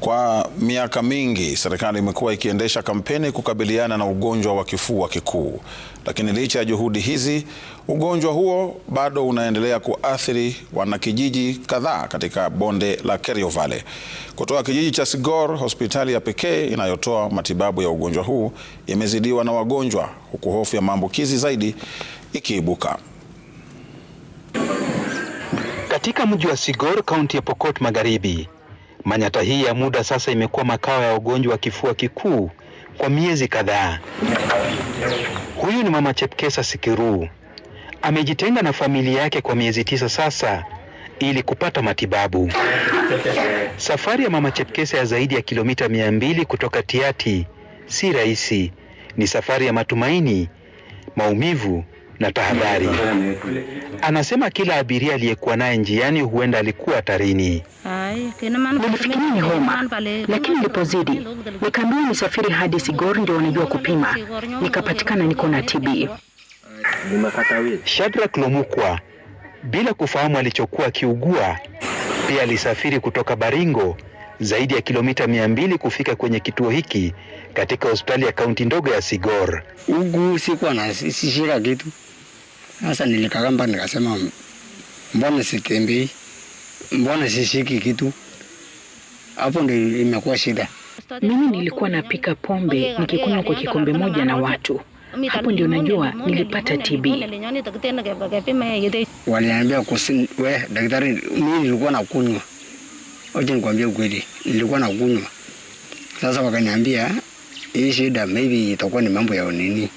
Kwa miaka mingi serikali imekuwa ikiendesha kampeni kukabiliana na ugonjwa wa kifua kikuu, lakini licha ya juhudi hizi, ugonjwa huo bado unaendelea kuathiri wanakijiji kadhaa katika bonde la Kerio Valley. Kutoka kijiji cha Sigor, hospitali ya pekee inayotoa matibabu ya ugonjwa huu imezidiwa na wagonjwa, huku hofu ya maambukizi zaidi ikiibuka. Katika mji wa Sigor, kaunti ya Pokot Magharibi, Manyata hii ya muda sasa imekuwa makao ya wagonjwa wa kifua kikuu kwa miezi kadhaa. Huyu ni Mama Chepkesa Sikiruu, amejitenga na familia yake kwa miezi tisa sasa ili kupata matibabu. Safari ya Mama Chepkesa ya zaidi ya kilomita mia mbili kutoka tiati si rahisi. Ni safari ya matumaini, maumivu na tahadhari. Anasema kila abiria aliyekuwa naye njiani huenda alikuwa hatarini. Nilifikiria ni homa, lakini zidi nikaambiwa nisafiri hadi Sigor ndio wanajua kupima, nikapatikana niko na TB. Shadrack Lomukwa bila kufahamu alichokuwa akiugua pia alisafiri kutoka Baringo zaidi ya kilomita mia mbili kufika kwenye kituo hiki katika hospitali ya kaunti ndogo ya Sigor. Ugu sikuwa na sishika kitu. Sasa nilikagamba nikasema mbona sitembei? mbona sishiki kitu? Hapo ndio imekuwa shida. Mimi nilikuwa napika pombe nikikunywa kwa kikombe moja na watu, hapo ndio najua nilipata TB. Waliambia kusin, we daktari, mimi nilikuwa nakunywa, wacha nikwambie ukweli, nilikuwa nakunywa. Sasa wakaniambia hii shida maybe itakuwa ni mambo ya nini.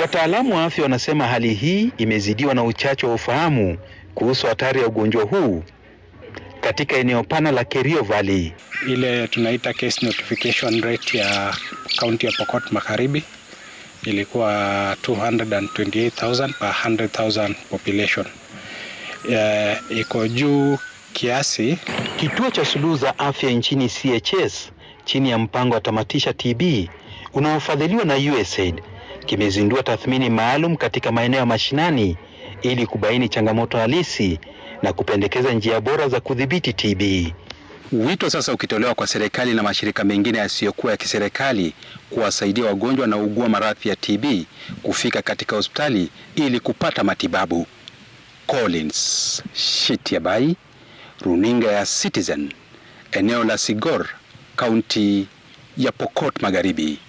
Wataalamu wa afya wanasema hali hii imezidiwa na uchache wa ufahamu kuhusu hatari ya ugonjwa huu katika eneo pana la Kerio Valley. Ile tunaita case notification rate ya kaunti ya Pokot Magharibi ilikuwa 228,000 per 100,000 population. Uh, iko juu kiasi. Kituo cha suluhu za afya nchini CHS chini ya mpango wa tamatisha TB unaofadhiliwa na USAID kimezindua tathmini maalum katika maeneo ya mashinani ili kubaini changamoto halisi na kupendekeza njia bora za kudhibiti TB. Wito sasa ukitolewa kwa serikali na mashirika mengine yasiyokuwa ya kiserikali kuwasaidia wagonjwa wanaougua maradhi ya TB kufika katika hospitali ili kupata matibabu. Collins Shitiabai, runinga ya Citizen, eneo la Sigor, kaunti ya Pokot Magharibi.